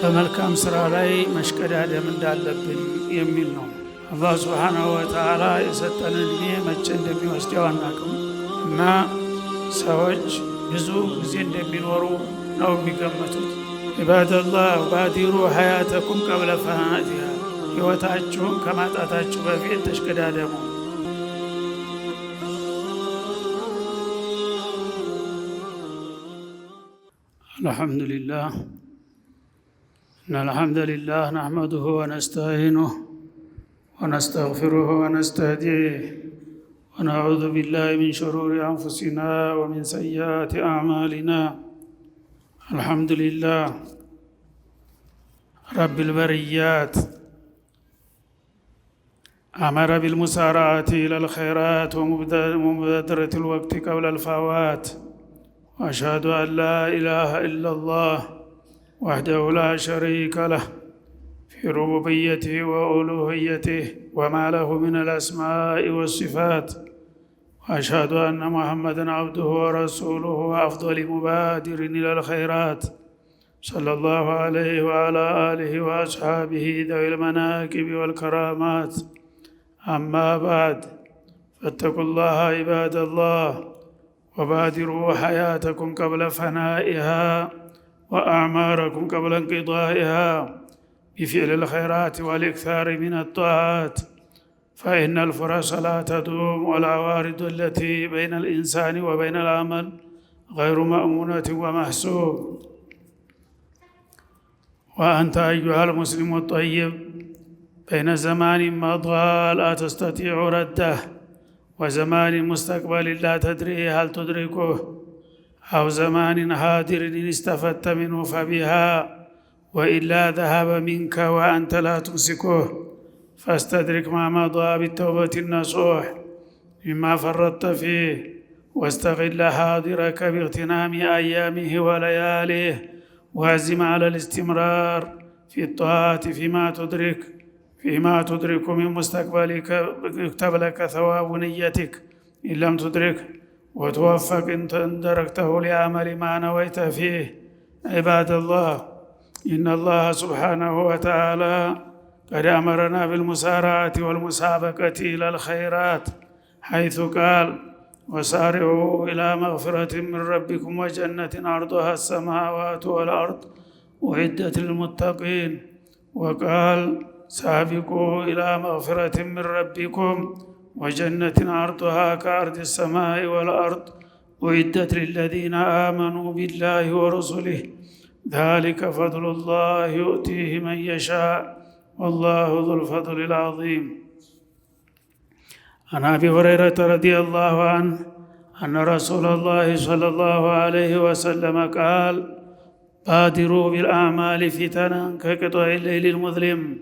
በመልካም ስራ ላይ መሽቀዳደም እንዳለብን የሚል ነው። አላህ ሱብሓነሁ ወተዓላ የሰጠን እድሜ መቼ እንደሚወስደው አናውቅም እና ሰዎች ብዙ ጊዜ እንደሚኖሩ ነው የሚገመቱት። ዒባደላህ ባዲሩ ሀያተኩም ቀብለ ፈናትያ ሕይወታችሁን ከማጣታችሁ በፊት ተሽቀዳደሙ። አልሐምዱሊላህ إن الحمد لله نحمده ونستعينه ونستغفره ونستهديه ونعوذ بالله من شرور أنفسنا ومن سيئات أعمالنا الحمد لله رب البريات أمر بالمسارعة إلى الخيرات ومبادرة الوقت قبل الفوات وأشهد أن لا إله إلا الله وحده لا شريك له في ربوبيته وألوهيته وما له من الأسماء والصفات وأشهد أن محمدا عبده ورسوله وأفضل مبادر إلى الخيرات صلى الله عليه وعلى آله وأصحابه ذوي المناكب والكرامات أما بعد فاتقوا الله عباد الله وبادروا حياتكم قبل فنائها وأعماركم قبل انقضائها بفعل الخيرات والإكثار من الطاعات فإن الفرص لا تدوم والعوارض التي بين الإنسان وبين العمل غير مأمونة ومحسوب وأنت أيها المسلم الطيب بين زمان مضى لا تستطيع رده وزمان مستقبل لا تدري هل تدركه أو زمان هادر إن استفدت منه فبها وإلا ذهب منك وأنت لا تمسكه فاستدرك ما مضى بالتوبة النصوح مما فرطت فيه واستغل حاضرك باغتنام أيامه ولياليه وعزم على الاستمرار في الطاعة فيما تدرك فيما تدرك من مستقبلك يكتب لك ثواب نيتك إن لم تدركه وتوفق إن تركته لعمل ما نويت فيه عباد الله إن الله سبحانه وتعالى قد أمرنا بالمسارعة والمسابقة إلى الخيرات حيث قال وسارعوا إلى مغفرة من ربكم وجنة عرضها السماوات والأرض أعدت للمتقين وقال سابقوا إلى مغفرة من ربكم وجنة عرضها كعرض السماء والأرض أعدت للذين آمنوا بالله ورسله ذلك فضل الله يؤتيه من يشاء والله ذو الفضل العظيم عن أبي هريرة رضي الله عنه أن رسول الله صلى الله عليه وسلم قال بادروا بالأعمال فتنا كقطع الليل المظلم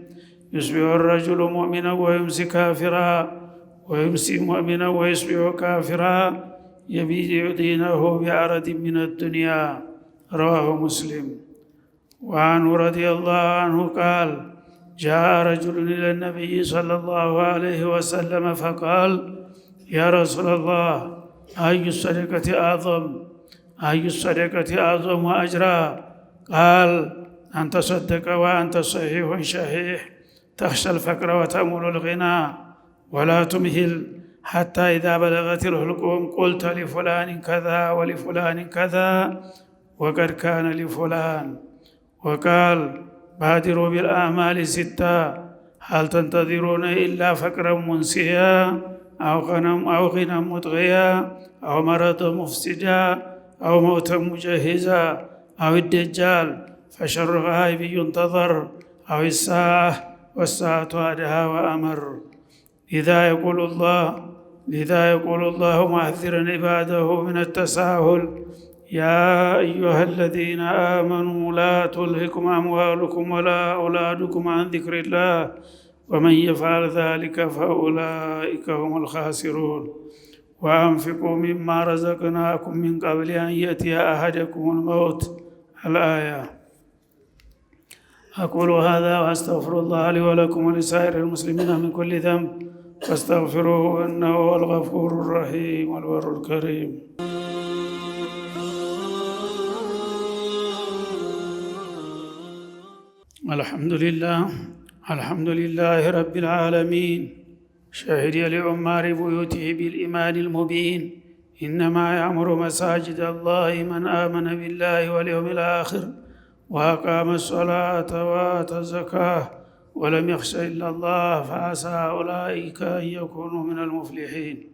يصبح الرجل مؤمنا ويمسي كافرا ويمسي مؤمنا ويصبح كافرا يبيع دينه بعرض من الدنيا رواه مسلم وعنه رضي الله عنه قال جاء رجل إلى النبي صلى الله عليه وسلم فقال يا رسول الله أي الصدقة أعظم أي الصدقة أعظم وأجرا قال أن تصدق وأنت صحيح شحيح تخشى الفقر وتأمل الغنى ولا تمهل حتى إذا بلغت الحلقوم قلت لفلان كذا ولفلان كذا وقد كان لفلان وقال بادروا بالآمال ستة هل تنتظرون إلا فقرا منسيا أو غنم أو غنى مطغيا أو مرض مفسدا أو موتا مجهزا أو الدجال فشر غائب ينتظر أو الساعة والساعة أدهى وأمر إذا يقول الله لذا يقول الله معذرا عباده من التساهل يا أيها الذين آمنوا لا تلهكم أموالكم ولا أولادكم عن ذكر الله ومن يفعل ذلك فأولئك هم الخاسرون وأنفقوا مما رزقناكم من قبل أن يأتي أحدكم الموت الآية أقول هذا وأستغفر الله لي ولكم ولسائر المسلمين من كل ذنب فاستغفروه إنه هو الغفور الرحيم والبر الكريم الحمد لله الحمد لله رب العالمين شهد لعمار بيوته بالإيمان المبين إنما يعمر مساجد الله من آمن بالله واليوم الآخر وأقام الصلاة وآتى الزكاة ولم يخش إلا الله فعسى أولئك أن يكونوا من المفلحين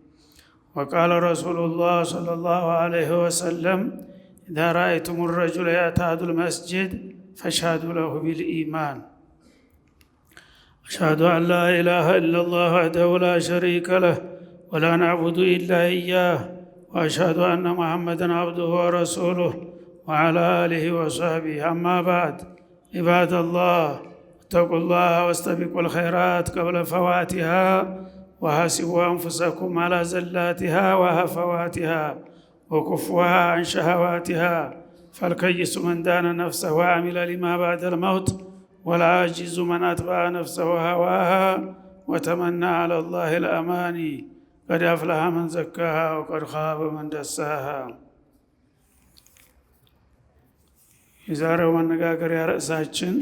وقال رسول الله صلى الله عليه وسلم إذا رأيتم الرجل يعتاد المسجد فاشهدوا له بالإيمان أشهد أن لا إله إلا الله وحده لا شريك له ولا نعبد إلا إياه وأشهد أن محمدا عبده ورسوله وعلى آله وصحبه أما بعد عباد الله اتقوا الله واستبقوا الخيرات قبل فواتها وحاسبوا أنفسكم على زلاتها وهفواتها وكفوها عن شهواتها فالكيس من دان نفسه وعمل لما بعد الموت والعاجز من أتبع نفسه هواها وتمنى على الله الأماني قد أفلح من زكاها وقد خاب من دساها የዛሬው መነጋገሪያ ርዕሳችን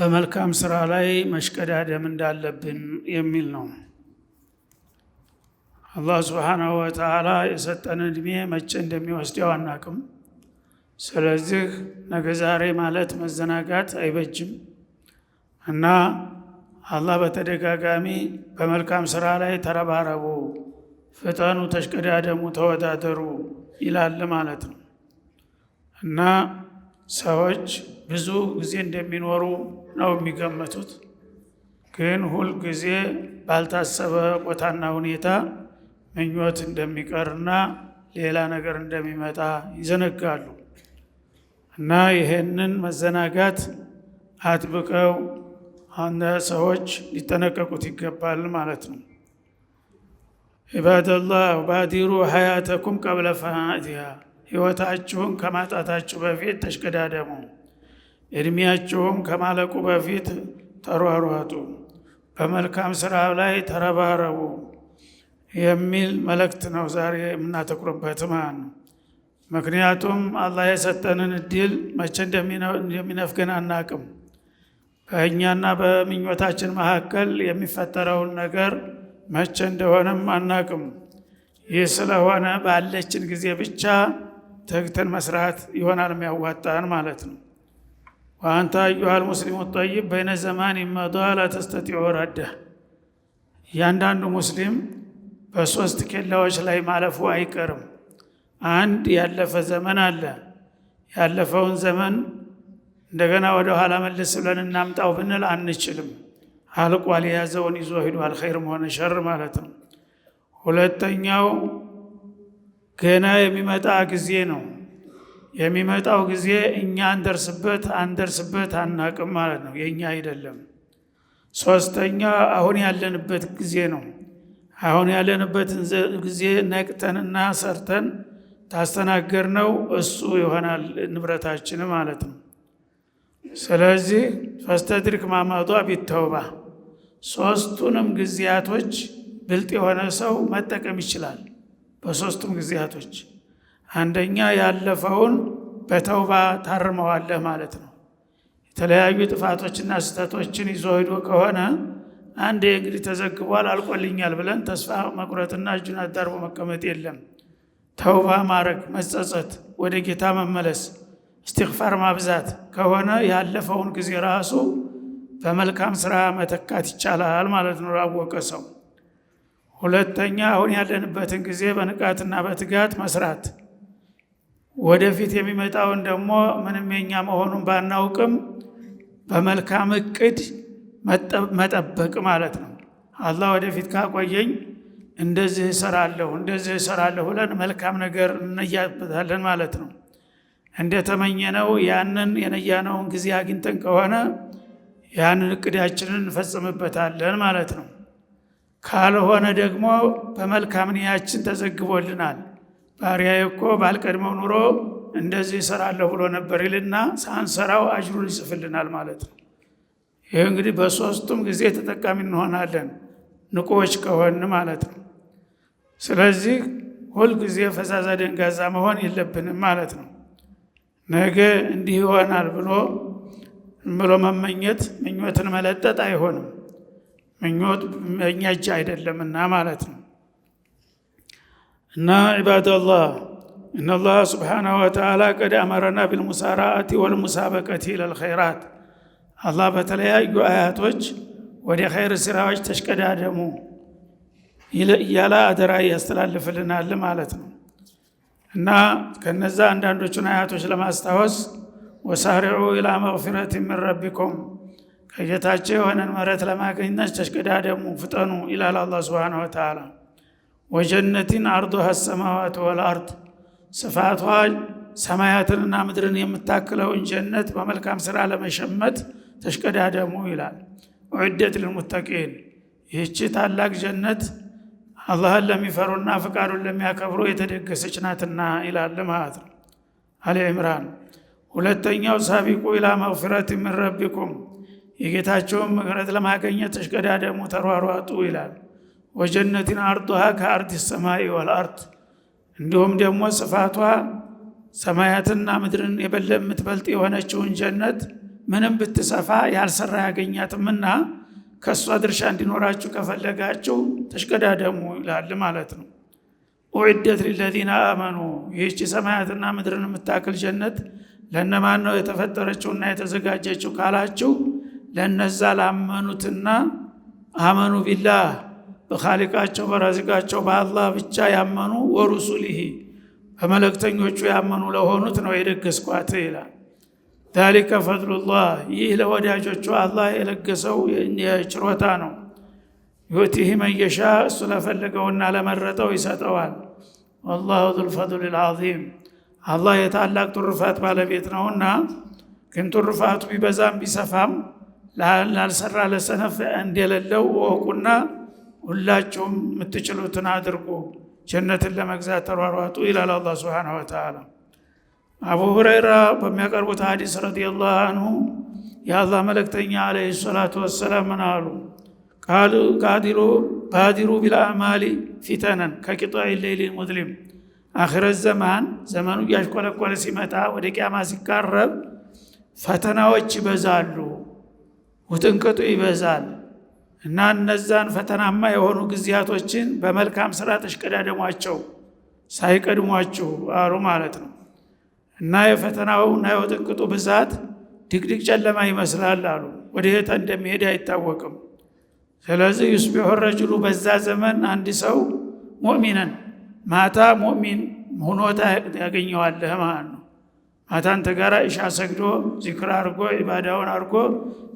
በመልካም ስራ ላይ መሽቀዳደም እንዳለብን የሚል ነው። አላህ ስብሓናሁ ወተዓላ የሰጠን እድሜ መቼ እንደሚወስደው አናቅም። ስለዚህ ነገ ዛሬ ማለት መዘናጋት አይበጅም እና አላህ በተደጋጋሚ በመልካም ስራ ላይ ተረባረቡ፣ ፍጠኑ፣ ተሽቀዳደሙ፣ ተወዳደሩ ይላል ማለት ነው እና ሰዎች ብዙ ጊዜ እንደሚኖሩ ነው የሚገመቱት። ግን ሁል ጊዜ ባልታሰበ ቦታና ሁኔታ ምኞት እንደሚቀርና ሌላ ነገር እንደሚመጣ ይዘነጋሉ እና ይሄንን መዘናጋት አጥብቀው ሰዎች ሊጠነቀቁት ይገባል ማለት ነው። ኢባደላህ ባዲሩ ሀያተኩም ቀብለ ፈናእቲሃ ሕይወታችሁን ከማጣታችሁ በፊት ተሽቀዳደሙ፣ እድሜያችሁም ከማለቁ በፊት ተሯሯጡ፣ በመልካም ስራ ላይ ተረባረቡ የሚል መልእክት ነው ዛሬ የምናተኩርበት ማን ነው። ምክንያቱም አላህ የሰጠንን እድል መቼ እንደሚነፍገን አናቅም። በእኛና በምኞታችን መካከል የሚፈጠረውን ነገር መቼ እንደሆነም አናቅም። ይህ ስለሆነ ባለችን ጊዜ ብቻ ተግተን መስራት ይሆናል የሚያዋጣን ማለት ነው። ወአንተ አዩሃል ሙስሊሙ ጠይብ በይነ ዘማን ይመዳ ላተስተጢዑ ረደ። እያንዳንዱ ሙስሊም በሶስት ኬላዎች ላይ ማለፉ አይቀርም። አንድ ያለፈ ዘመን አለ። ያለፈውን ዘመን እንደገና ወደ ኋላ መልስ ብለን እናምጣው ብንል አንችልም። አልቋል። የያዘውን ይዞ ሂዷል። ኸይርም ሆነ ሸር ማለት ነው። ሁለተኛው ገና የሚመጣ ጊዜ ነው። የሚመጣው ጊዜ እኛ እንደርስበት አንደርስበት አናቅም ማለት ነው፣ የእኛ አይደለም። ሶስተኛ አሁን ያለንበት ጊዜ ነው። አሁን ያለንበትን ጊዜ ነቅተንና ሰርተን ታስተናገር ነው እሱ ይሆናል ንብረታችን ማለት ነው። ስለዚህ ፈስተድሪክ ማማጧ ቢተውባ ሶስቱንም ጊዜያቶች ብልጥ የሆነ ሰው መጠቀም ይችላል። በሶስቱም ጊዜያቶች አንደኛ ያለፈውን በተውባ ታርመዋለህ ማለት ነው። የተለያዩ ጥፋቶችና ስህተቶችን ይዞ ሂዶ ከሆነ አንዴ እንግዲህ ተዘግቧል አልቆልኛል ብለን ተስፋ መቁረጥና እጁን አዳርቦ መቀመጥ የለም። ተውባ ማድረግ፣ መጸጸት፣ ወደ ጌታ መመለስ፣ እስትግፋር ማብዛት ከሆነ ያለፈውን ጊዜ ራሱ በመልካም ስራ መተካት ይቻላል ማለት ነው። ላወቀ ሰው ሁለተኛ አሁን ያለንበትን ጊዜ በንቃትና በትጋት መስራት፣ ወደፊት የሚመጣውን ደግሞ ምንም የኛ መሆኑን ባናውቅም በመልካም እቅድ መጠበቅ ማለት ነው። አላህ ወደፊት ካቆየኝ እንደዚህ እሰራለሁ እንደዚህ እሰራለሁ ብለን መልካም ነገር እንነያበታለን ማለት ነው። እንደተመኘነው ያንን የነያነውን ጊዜ አግኝተን ከሆነ ያንን እቅዳችንን እንፈጽምበታለን ማለት ነው። ካልሆነ ደግሞ በመልካም ንያችን ተዘግቦልናል። ባሪያ እኮ ባልቀድመው ኑሮ እንደዚህ እሰራለሁ ብሎ ነበር ይልና ሳንሰራው አጅሩን ይጽፍልናል ማለት ነው። ይህ እንግዲህ በሶስቱም ጊዜ ተጠቃሚ እንሆናለን ንቁዎች ከሆን ማለት ነው። ስለዚህ ሁልጊዜ ፈዛዛ ደንጋዛ መሆን የለብንም ማለት ነው። ነገ እንዲህ ይሆናል ብሎ ብሎ መመኘት ምኞትን መለጠጥ አይሆንም። ምኞት በእኛ እጅ አይደለምና ማለት ነው። እና ዒባደላህ እነላህ ስብሓነሁ ወተዓላ ቀድ አመረና ቢልሙሳራአቲ ወልሙሳበቀቲ ኢለልኸይራት አላህ በተለያዩ አያቶች ወደ ኸይር ስራዎች ተሽቀዳደሙ እያለ አደራ ያስተላልፍልናል ማለት ነው። እና ከነዛ አንዳንዶቹን አያቶች ለማስታወስ ወሳሪዑ ኢላ መግፊረቲ ምን ረቢኩም ከጌታቸው የሆነን መረት ተሽቅዳ ተሽቀዳደሙ ፍጠኑ ይላል አላህ ሱብሓነሁ ወተዓላ። ወጀነቲን አርዱሃ ሰማዋት ወልአርድ ስፋቷ ሰማያትንና ምድርን የምታክለውን ጀነት በመልካም ስራ ለመሸመት ተሽቀዳደሙ ይላል። ዑደት ልልሙተቂን ይህቺ ታላቅ ጀነት አላህን ለሚፈሩና ፍቃዱን ለሚያከብሩ የተደገሰች ናትና ይላል ማለት ነው። አሊ ዒምራን ሁለተኛው ሳቢቁ ኢላ መግፊረት ምን ረቢኩም የጌታቸውን ምሕረት ለማገኘት ተሽቀዳደሙ፣ ተሯሯጡ ይላል። ወጀነቲን አርጡሃ ከአርድ ሰማይ ወልአርድ እንዲሁም ደግሞ ስፋቷ ሰማያትና ምድርን የበለ የምትበልጥ የሆነችውን ጀነት ምንም ብትሰፋ ያልሰራ ያገኛትምና ከእሷ ድርሻ እንዲኖራችሁ ከፈለጋችሁ ተሽቀዳደሙ ይላል ማለት ነው። ኡዒደት ሊለዚነ አመኑ ይህቺ ሰማያትና ምድርን የምታክል ጀነት ለእነማን ነው የተፈጠረችውና የተዘጋጀችው ካላችሁ ለነዛ ላመኑትና አመኑ ቢላህ በኻሊቃቸው በረዚቃቸው በአላህ ብቻ ያመኑ ወሩሱሊሂ በመለክተኞቹ ያመኑ ለሆኑት ነው የደገስኳት ይላል። ዛሊከ ፈድሉላህ ይህ ለወዳጆቹ አላህ የለገሰው የችሮታ ነው። ዩእቲህ መየሻ እሱ ለፈለገውና ለመረጠው ይሰጠዋል። ወላሁ ዙልፈድል ልዓዚም አላህ የታላቅ ቱርፋት ባለቤት ነውና ግን ቱርፋቱ ቢበዛም ቢሰፋም ላልሰራ ለሰነፍ እንደሌለው ወቁና ሁላችሁም የምትችሉትን አድርጉ ጀነትን ለመግዛት ተሯሯጡ ይላል አላ ሱብሓነሁ ወተዓላ። አቡ ሁረይራ በሚያቀርቡት ሀዲስ ረዲየላሁ አንሁ የአላህ መልእክተኛ ዓለይሂ ሰላቱ ወሰላም ምን አሉ? ባዲሩ ቢልአማሊ ፊተነን ከቂጣኢ ሌይሊ ሙዝሊም። አኺረት ዘማን ዘመኑ እያሽቆለቆለ ሲመጣ ወደ ቅያማ ሲቃረብ ፈተናዎች ይበዛሉ። ውጥንቅጡ ይበዛል እና እነዛን ፈተናማ የሆኑ ጊዜያቶችን በመልካም ስራ ተሽቀዳደሟቸው፣ ሳይቀድሟችሁ አሉ ማለት ነው። እና የፈተናውና የውጥንቅጡ ብዛት ድቅድቅ ጨለማ ይመስላል አሉ። የት እንደሚሄድ አይታወቅም። ስለዚህ ዩስቢሑ ረጅሉ በዛ ዘመን አንድ ሰው ሙእሚነን ማታ ሙእሚን ሁኖታ ያገኘዋለህ ማለት ነው። አታንተ ጋራ እሻ ሰግዶ ዚክር አርጎ ኢባዳውን አርጎ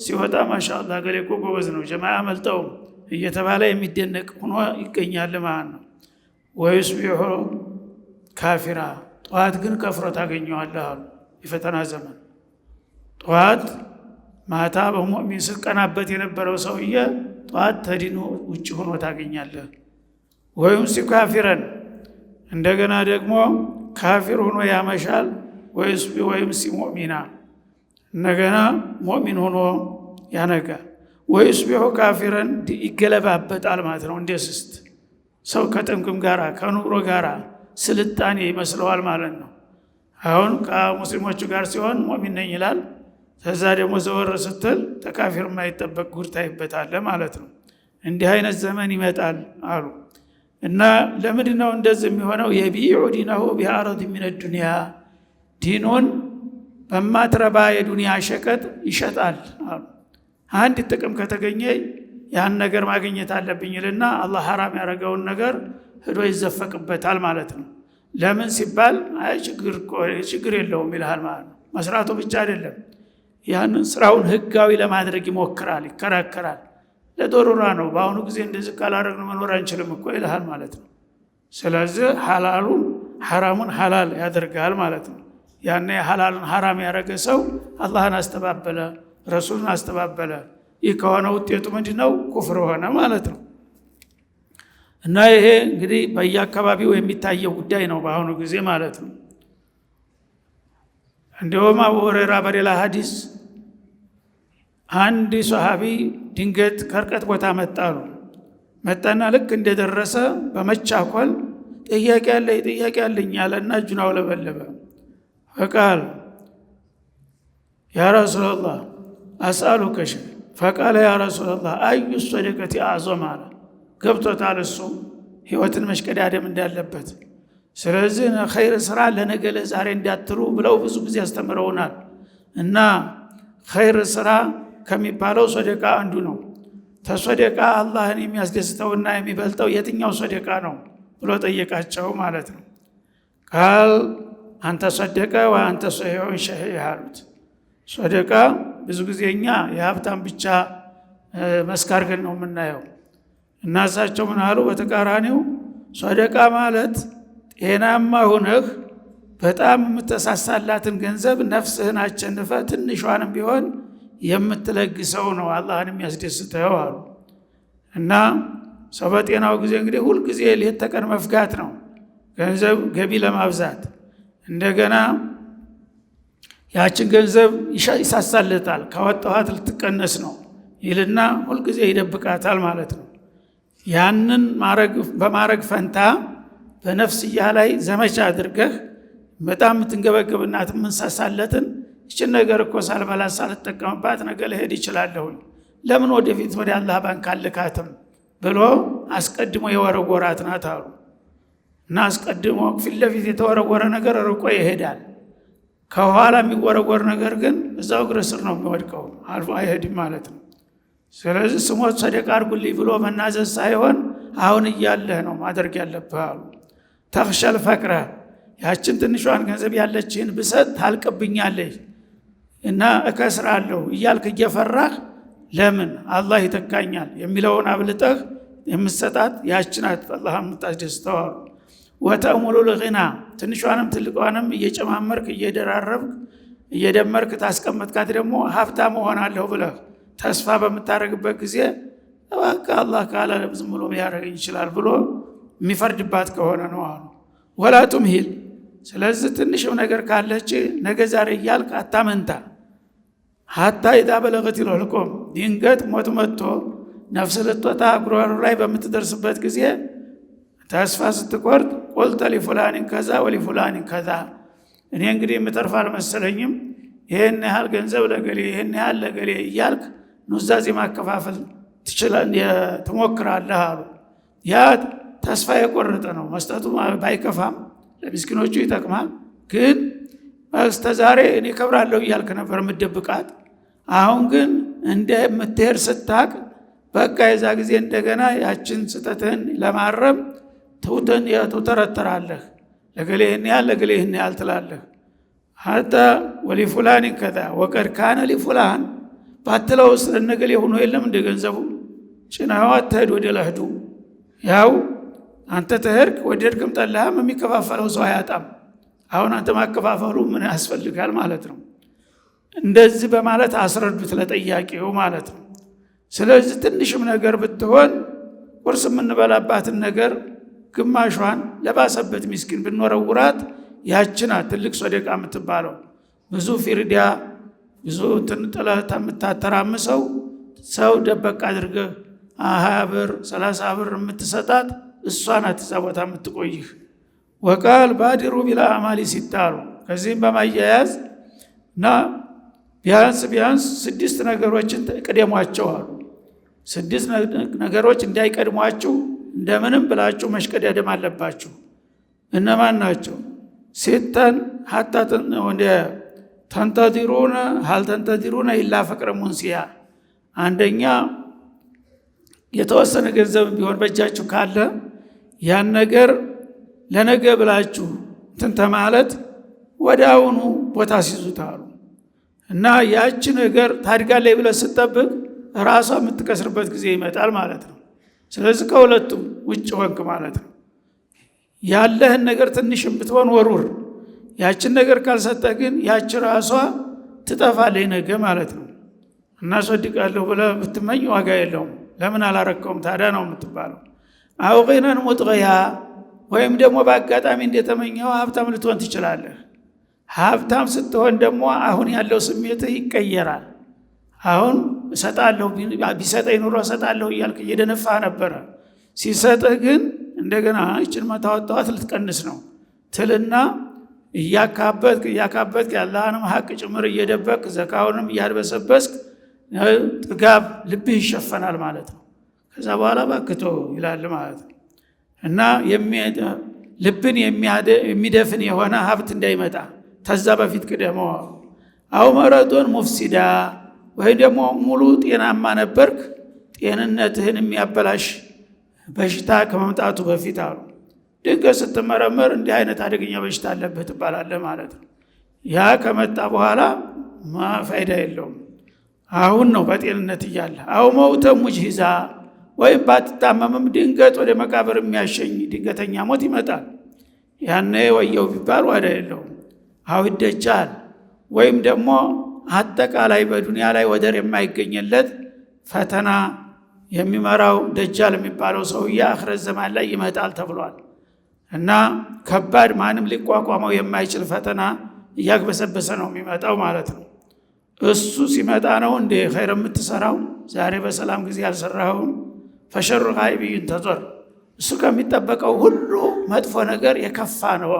ሲወጣ ማሻአላ ገሌ እኮ ጎበዝ ነው ጀማ አመልጠውም እየተባለ የሚደነቅ ሆኖ ይገኛል ማለት ነው። ቢሆ ካፊራ ጠዋት ግን ከፍሮ ታገኘዋለህ አሉ። የፈተና ዘመን ጠዋት ማታ በሙእሚን ስቀናበት የነበረው ሰውዬ ጠዋት ተዲኑ ውጭ ሆኖ ታገኛለህ። ወይም ሲካፊረን እንደገና ደግሞ ካፊር ሆኖ ያመሻል ወይስቢ ወይምሲ ሙእሚና እንደገና ሙእሚን ሆኖ ያነጋል። ወይስቢሑ ካፊረን ይገለባበጣል ማለት ነው። እንደ ስስት ሰው ከጥምቅም ጋራ ከኑሮ ጋራ ስልጣኔ ይመስለዋል ማለት ነው። አሁን ከሙስሊሞቹ ጋር ሲሆን ሙእሚን ነኝ ይላል። ከዛ ደግሞ ዘወር ስትል ተካፊር የማይጠበቅ ጉርታ ታይበታለ ማለት ነው። እንዲህ አይነት ዘመን ይመጣል አሉ እና ለምንድን ነው እንደዚህ የሚሆነው? የቢዑ ዲነሁ ቢአረድ ሚን ዱንያ ዲኑን በማትረባ የዱንያ ሸቀጥ ይሸጣል አሉ። አንድ ጥቅም ከተገኘ ያን ነገር ማግኘት አለብኝ ይልና አላህ ሐራም ያደረገውን ነገር ህዶ ይዘፈቅበታል ማለት ነው። ለምን ሲባል ችግር የለውም ይልሃል ማለት ነው። መስራቱ ብቻ አይደለም፣ ያንን ስራውን ህጋዊ ለማድረግ ይሞክራል፣ ይከራከራል። ለዶሩራ ነው በአሁኑ ጊዜ እንደዚህ ካላደረግን መኖር አንችልም እኮ ይልሃል ማለት ነው። ስለዚህ ሐላሉን ሐራሙን ሐላል ያደርጋል ማለት ነው። ያኔ ሐላልን ሐራም ያደረገ ሰው አላህን አስተባበለ፣ ረሱልን አስተባበለ። ይህ ከሆነ ውጤቱ ምንድ ነው? ኩፍር ሆነ ማለት ነው። እና ይሄ እንግዲህ በየአካባቢው የሚታየው ጉዳይ ነው በአሁኑ ጊዜ ማለት ነው። እንዲሁም አቡ ሁረይራ በሌላ ሀዲስ አንድ ሰሃቢ ድንገት ከርቀት ቦታ መጣሉ መጣና ልክ እንደደረሰ በመቻኮል ጥያቄ አለ ጥያቄ አለኝ አለና እጁን አውለበለበ። ፈቃል ያ ረሱላላህ አስአሉ ከሽ ፈቃለ ያ ረሱላላህ አዩ ሶደቀት አዕዞም አለ። ገብቶታል እሱ ህይወትን መሽቀዳደም እንዳለበት። ስለዚህ ኸይር ስራ ለነገ ለዛሬ እንዳትሉ ብለው ብዙ ጊዜ አስተምረውናል። እና ኸይር ስራ ከሚባለው ሶደቃ አንዱ ነው። ተሶደቃ አላህን የሚያስደስተውና የሚበልጠው የትኛው ሶደቃ ነው ብሎ ጠየቃቸው ማለት ነው ቃል አንተ ሰደቀ ወአንተ ሰሒሑን ሸህ ያሉት ሰደቀ ብዙ ጊዜ እኛ የሀብታም ብቻ መስካርገን ነው የምናየው እና እሳቸው ምን አሉ? በተቃራኒው ሰደቃ ማለት ጤናማ ሁነህ በጣም የምተሳሳላትን ገንዘብ ነፍስህን አቸንፈ ትንሿንም ቢሆን የምትለግሰው ነው አላህን የሚያስደስተው አሉ እና ሰው በጤናው ጊዜ እንግዲህ ሁልጊዜ ሌት ተቀን መፍጋት ነው ገንዘብ ገቢ ለማብዛት እንደገና ያችን ገንዘብ ይሳሳለታል። ካወጣኋት ልትቀነስ ነው ይልና ሁልጊዜ ይደብቃታል ማለት ነው። ያንን በማረግ ፈንታ በነፍስያ ላይ ዘመቻ አድርገህ በጣም የምትንገበገብናት የምንሳሳለትን ይችን ነገር እኮ ሳልበላ ሳልጠቀምባት ነገ ልሄድ ይችላለሁኝ ለምን ወደፊት ወደ አላህ ባንክ አልካትም ብሎ አስቀድሞ የወረወራት ናት አሉ። እና አስቀድሞ ፊት ለፊት የተወረወረ ነገር ርቆ ይሄዳል። ከኋላ የሚወረወር ነገር ግን እዛው እግር ስር ነው የሚወድቀው፣ አልፎ አይሄድም ማለት ነው። ስለዚህ ስሞት ሰደቃ አድርጉልኝ ብሎ መናዘዝ ሳይሆን አሁን እያለህ ነው ማድረግ ያለብህ አሉ። ተክሸል ፈቅረ ያችን ትንሿን ገንዘብ ያለችህን ብሰጥ ታልቅብኛለች እና እከስራለሁ እያልክ እየፈራህ ለምን አላህ ይተካኛል የሚለውን አብልጠህ የምትሰጣት ያችን አላህ የምታስደስተዋሉ ወተእሙሉ ልቅና ትንሿንም ትልቋንም እየጨማመርክ እየደራረብክ እየደመርክ ታስቀመጥካት ደግሞ ሀብታም እሆናለሁ ብለህ ተስፋ በምታደርግበት ጊዜ በቃ አላህ ካለ ዝም ብሎ ሊያደርገኝ ይችላል ብሎ የሚፈርድባት ከሆነ ነው አሉ ወላ ቱምሂል ስለዚህ ትንሽም ነገር ካለች ነገ ዛሬ እያልክ አታመንታ ሀታ ኢዛ በለገት ልሑልቁም ድንገት ሞት መጥቶ ነፍስ ልትወጣ ጉሮሮ ላይ በምትደርስበት ጊዜ ተስፋ ስትቆርጥ ቁልተ ሊፉላኒን ከዛ ወሊፉላኒን ከዛ እኔ እንግዲህ የምተርፍ አልመሰለኝም። ይህን ያህል ገንዘብ ለገሌ፣ ይህን ያህል ለገሌ እያልክ ኑዛዜ ማከፋፈል ትሞክራለህ አሉ። ያ ተስፋ የቆረጠ ነው። መስጠቱ ባይከፋም ለምስኪኖቹ ይጠቅማል። ግን እስከ ዛሬ እኔ ከብራለሁ እያልክ ነበር የምደብቃት። አሁን ግን እንደምትሄድ ስታቅ በቃ የዛ ጊዜ እንደገና ያችን ስህተትህን ለማረም ትውተን ትውተረተራለህ ለገሌ ይህን ያህል ለገሌ ይህን ያህል ትላለህ። ሀታ ወሊፉላን ከዛ ወቀድ ካነ ሊፉላን ባትለው ስለነገሌ ሆኖ የለም እንደ ገንዘቡ ጭናዋ አትሄድ ወደ ለህዱ ያው አንተ ወደ ወደድክም ጠላህም የሚከፋፈለው ሰው አያጣም። አሁን አንተ ማከፋፈሉ ምን ያስፈልጋል ማለት ነው። እንደዚህ በማለት አስረዱት ለጠያቂው ማለት ነው። ስለዚህ ትንሽም ነገር ብትሆን ቁርስ የምንበላባትን ነገር ግማሿን ለባሰበት ሚስኪን ብንወረውራት ያችና ትልቅ ሶደቃ የምትባለው ብዙ ፊርዲያ ብዙ ጥለህ የምታተራምሰው ሰው ደበቅ አድርገህ ሀያ ብር ሰላሳ ብር የምትሰጣት እሷ ናት እዛ ቦታ የምትቆይህ። ወቃል ባዲሩ ቢላ አማሊ ሲታሩ ከዚህም በማያያዝ እና ቢያንስ ቢያንስ ስድስት ነገሮችን ቅደሟቸው አሉ። ስድስት ነገሮች እንዳይቀድሟችሁ እንደምንም ብላችሁ መሽቀዳደም አለባችሁ። እነማን ናቸው? ሴተን ሀታ ተንተዲሩነ ሀልተንተዲሩነ ይላ ፍቅረ ሙንሲያ። አንደኛ የተወሰነ ገንዘብ ቢሆን በእጃችሁ ካለ ያን ነገር ለነገ ብላችሁ እንትን ወደ አሁኑ ቦታ ሲዙታሉ እና ያቺ ነገር ላይ ብለ ስጠብቅ ራሷ የምትቀስርበት ጊዜ ይመጣል ማለት ነው። ስለዚህ ከሁለቱም ውጭ ወግ ማለት ነው። ያለህን ነገር ትንሽም ብትሆን ወሩር ያችን ነገር ካልሰጠ ግን ያች ራሷ ትጠፋለች ነገ ማለት ነው። እናስወድቃለሁ ብለ ብትመኝ ዋጋ የለውም። ለምን አላረከውም ታዲያ ነው የምትባለው። አውቂነን ሙጥቅያ ወይም ደግሞ በአጋጣሚ እንደተመኘው ሀብታም ልትሆን ትችላለህ። ሀብታም ስትሆን ደግሞ አሁን ያለው ስሜትህ ይቀየራል። አሁን እሰጣለሁ ቢሰጠኝ ኑሮ እሰጣለሁ እያልክ እየደነፋ ነበረ። ሲሰጥህ ግን እንደገና ይችን መታወጣዋት ልትቀንስ ነው ትልና እያካበትክ እያካበትክ ያለህንም ሀቅ ጭምር እየደበቅ ዘካውንም እያድበሰበስክ ጥጋብ ልብህ ይሸፈናል ማለት ነው። ከዛ በኋላ ባክቶ ይላል ማለት ነው እና ልብን የሚደፍን የሆነ ሀብት እንዳይመጣ ተዛ በፊት ቅደመዋ አው መረጦን ሙፍሲዳ ወይ ደግሞ ሙሉ ጤናማ ነበርክ፣ ጤንነትህን የሚያበላሽ በሽታ ከመምጣቱ በፊት አሉ። ድንገት ስትመረመር እንዲህ አይነት አደገኛ በሽታ አለብህ ትባላለህ ማለት ነው። ያ ከመጣ በኋላ ፋይዳ የለውም። አሁን ነው በጤንነት እያለ አው መውተ ሙጅሂዛ ወይም ባትታመምም ድንገት ወደ መቃብር የሚያሸኝ ድንገተኛ ሞት ይመጣል። ያኔ ወየው ቢባል ዋዳ የለውም። አው ይደጃል ወይም ደግሞ አጠቃላይ በዱንያ ላይ ወደር የማይገኝለት ፈተና የሚመራው ደጃል የሚባለው ሰውዬ አክረት ዘማን ላይ ይመጣል ተብሏል። እና ከባድ ማንም ሊቋቋመው የማይችል ፈተና እያግበሰበሰ ነው የሚመጣው ማለት ነው። እሱ ሲመጣ ነው እንደ ኸይር የምትሰራው ዛሬ በሰላም ጊዜ ያልሰራኸውን ፈሸሩ ሀይብይን ተዞር እሱ ከሚጠበቀው ሁሉ መጥፎ ነገር የከፋ ነው።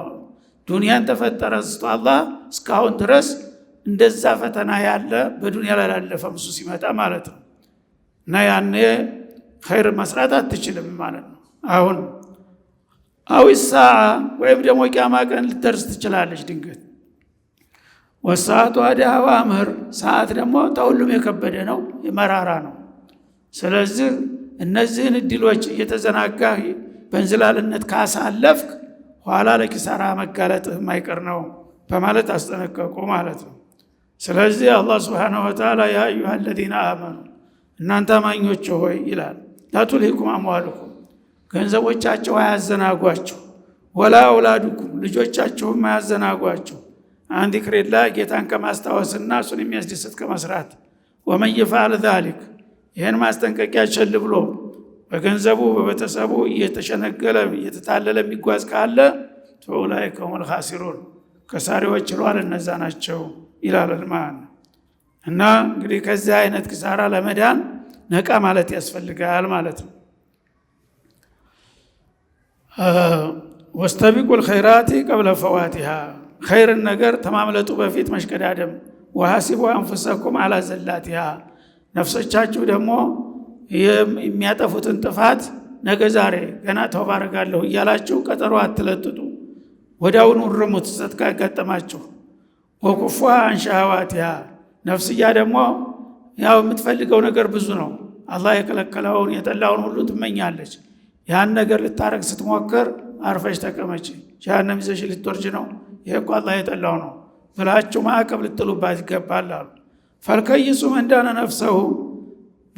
ዱንያን ተፈጠረ ስቶ አላህ እስካሁን ድረስ እንደዛ ፈተና ያለ በዱንያ ላይ ላለፈ እሱ ሲመጣ ማለት ነው። እና ያኔ ኸይር መስራት አትችልም ማለት ነው። አሁን አዊሳ ወይም ደግሞ ቂያማ ቀን ልትደርስ ትችላለች ድንገት። ወሰዓቱ አድሃዋ ምህር ሰዓት ደግሞ ተሁሉም የከበደ ነው፣ የመራራ ነው። ስለዚህ እነዚህን እድሎች እየተዘናጋህ በእንዝላልነት ካሳለፍክ ኋላ ለኪሳራ መጋለጥህ የማይቀር ነው በማለት አስጠነቀቁ ማለት ነው። ስለዚህ አላህ ስብሓነሁ ወተዓላ ያ አዩሃ አለዚነ አመኑ እናንተ አማኞች ሆይ ይላል ላቱልሂኩም አምዋልኩም ገንዘቦቻቸው አያዘናጓችሁ፣ ወላ አውላዱኩም ልጆቻችሁም አያዘናጓችሁ። አንድ ክሬላ ጌታን ከማስታወስና እሱን የሚያስደስት ከመስራት ወመን ይፋል ዛሊክ ይህን ማስጠንቀቂያ ቸል ብሎ በገንዘቡ በቤተሰቡ እየተሸነገለ እየተታለለ የሚጓዝ ካለ ኡላኢከ ሁሙል ልካሲሩን ከሳሪዎች ይሏል እነዛ ናቸው። ይላል ማለት ነው። እና እንግዲህ ከዚህ አይነት ኪሳራ ለመዳን ነቃ ማለት ያስፈልጋል ማለት ነው። ወስተቢቁ ልኸይራቲ ቀብለ ፈዋቲሃ ኸይርን ነገር ተማምለጡ በፊት መሽቀዳደም። ወሐሲቡ አንፉሰኩም አላ ዘላቲሃ ነፍሶቻችሁ ደግሞ የሚያጠፉትን ጥፋት ነገ ዛሬ ገና ተውባ አረጋለሁ እያላችሁ ቀጠሮ አትለጥጡ። ወዲያውኑ ርሙት ስትቀጠማችሁ ወኩፏ አንሻዋትያ ነፍስያ ደግሞ ያው የምትፈልገው ነገር ብዙ ነው። አላህ የከለከለውን የጠላውን ሁሉ ትመኛለች። ያን ነገር ልታረግ ስትሞክር አርፈሽ ተቀመች፣ ጀሃነም ይዘሽ ልትወርጅ ነው፣ ይህ እኮ አላህ የጠላው ነው ብላችሁ ማዕቀብ ልጥሉባት ይገባል አሉ። ፈልከይሱ መንዳነ ነፍሰሁ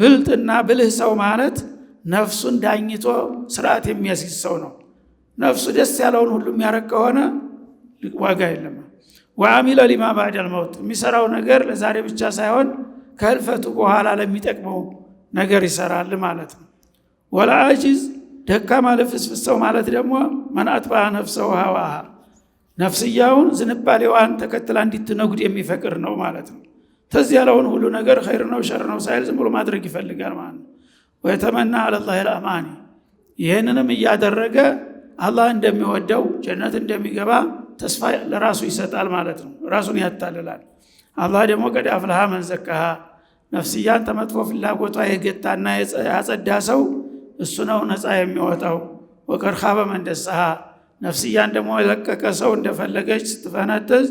ብልጥና ብልህ ሰው ማለት ነፍሱን ዳኝቶ ስርዓት የሚያስይዝ ሰው ነው። ነፍሱ ደስ ያለውን ሁሉ የሚያረግ ከሆነ ዋጋ የለም። ወአሚለ ሊማ ባዕደል መውት የሚሰራው ነገር ለዛሬ ብቻ ሳይሆን ከህልፈቱ በኋላ ለሚጠቅመው ነገር ይሰራል ማለት ነው። ወለአጂዝ ደካማ ልፍስፍስ ሰው ማለት ደግሞ መንአት ባህ ነፍሰው ሀዋሃ ነፍስያውን ዝንባሌዋን ተከትላ እንዲትነጉድ የሚፈቅድ ነው ማለት ነው። ተዚህ ያለውን ሁሉ ነገር ኸይር ነው ሸር ነው ሳይል ዝም ብሎ ማድረግ ይፈልጋል ማለት ነው። ወየተመና አለላህ ልአማኒ ይህንንም እያደረገ አላህ እንደሚወደው ጀነት እንደሚገባ ተስፋ ለራሱ ይሰጣል ማለት ነው። ራሱን ያታልላል። አላህ ደግሞ ቀድ መን መንዘካሃ ነፍስያን ተመጥፎ ፍላጎቷ የገታና ያጸዳ ሰው እሱ ነው ነፃ የሚወጣው። ወቀድ ኻበ መን ደሰሃ ነፍስያን ደግሞ የለቀቀ ሰው እንደፈለገች ስትፈነጥዝ፣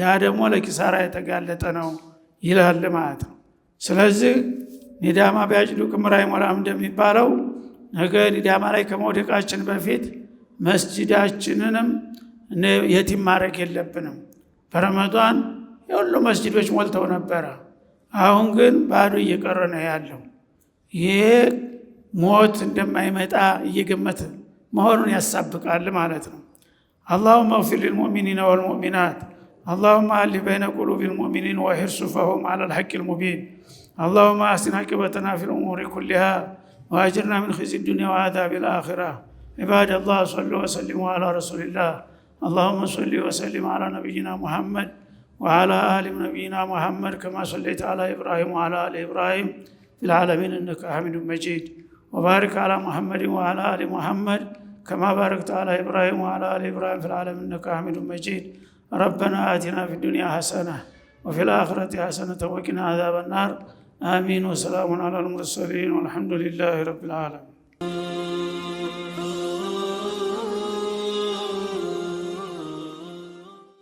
ያ ደግሞ ለኪሳራ የተጋለጠ ነው ይላል ማለት ነው። ስለዚህ ኒዳማ ቢያጭዱ ክምር አይሞላም እንደሚባለው ነገ ኒዳማ ላይ ከመውደቃችን በፊት መስጂዳችንንም የቲም ማድረግ የለብንም። በረመዷን የሁሉ መስጅዶች ሞልተው ነበረ። አሁን ግን ባዶ እየቀረ ነው ያለው። ይሄ ሞት እንደማይመጣ እየገመት መሆኑን ያሳብቃል ማለት ነው። አላሁመ እግፊር ልልሙእሚኒን ወልሙእሚናት አላሁመ አሊፍ በይነ ቁሉብ ልሙእሚኒን ወሂር ሱፈሁም አላ ልሐቅ ልሙቢን አላሁመ አስን አቂበተና ፊ ልእሙሪ ኩሊሃ وأجرنا من خزي الدنيا وعذاب الآخرة عباد الله صلوا وسلموا على رسول الله اللهم صل وسلم على نبينا محمد وعلى آل نبينا محمد كما صليت على إبراهيم وعلى آل إبراهيم في العالمين إنك حميد مجيد وبارك على محمد وعلى آل محمد كما باركت على إبراهيم وعلى آل إبراهيم في العالمين إنك حميد مجيد ربنا آتنا في الدنيا حسنة وفي الآخرة حسنة وقنا عذاب النار آمين وسلام على المرسلين والحمد لله رب العالمين